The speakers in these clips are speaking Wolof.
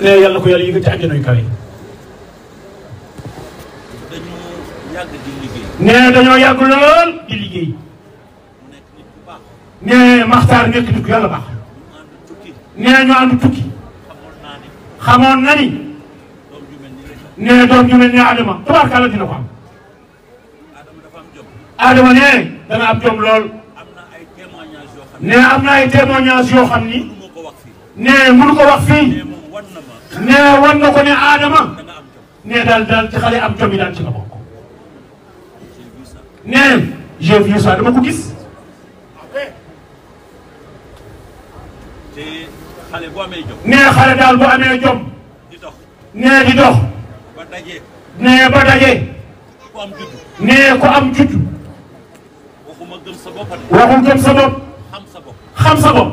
ne yàlla ko yàlla yëkkati àjjana yu kaw yi. ne dañoo yàgg lool di liggéey. ne maxtaar nekk nit ku yàlla baax. ne ñu ànd tukki. xamoon na ni. doom ju ne Adama tubaarkàlla dina ko am. Adama ne dana am jom lool. ne am na ay témoignages yoo xam ni. nee mënu ko wax fii nee wan ko ne Adama nee daal daal ci xale am jom yi daal ci la bokk nee jëf yu sax dama ko gis. nee xale daal bu amee jom nee di dox nee ba daje nee ko am judd waxu gëm sa xam sa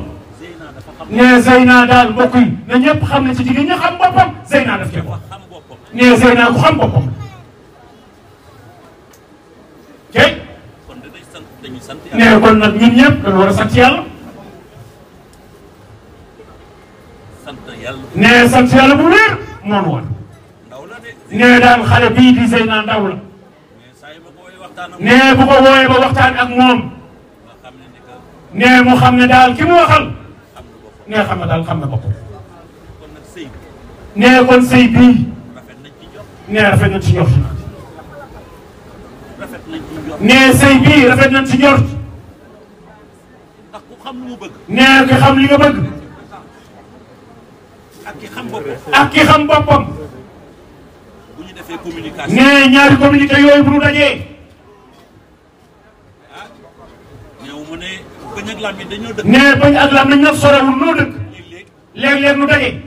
nee Zeyna daal mbokk yi na xam ne ci jigéen ñi xam boppam Zeyna daf cee nee Zeyna ku xam boppam la. ok nee kon nag ñun ñëpp dañu war a yàlla. nee sant yàlla bu wér noonu woon. nee daal xale bii di Zeyna ndaw la. nee bu ko wooyee ba waxtaan ak moom. nee mu xam ne daal ki mu waxal. nee xam na daal xam na bopp nee kon sëy bii nee rafet nañ ci njort nee sëy bii rafet nañ ci njort nee ki xam li nga bëgg ak ki xam boppam nee ñaari communiqué yooyu bu ñu dajee Ah. ne bañ ak lam dañ nag sorewul noo dëkk léeg-léeg nu daje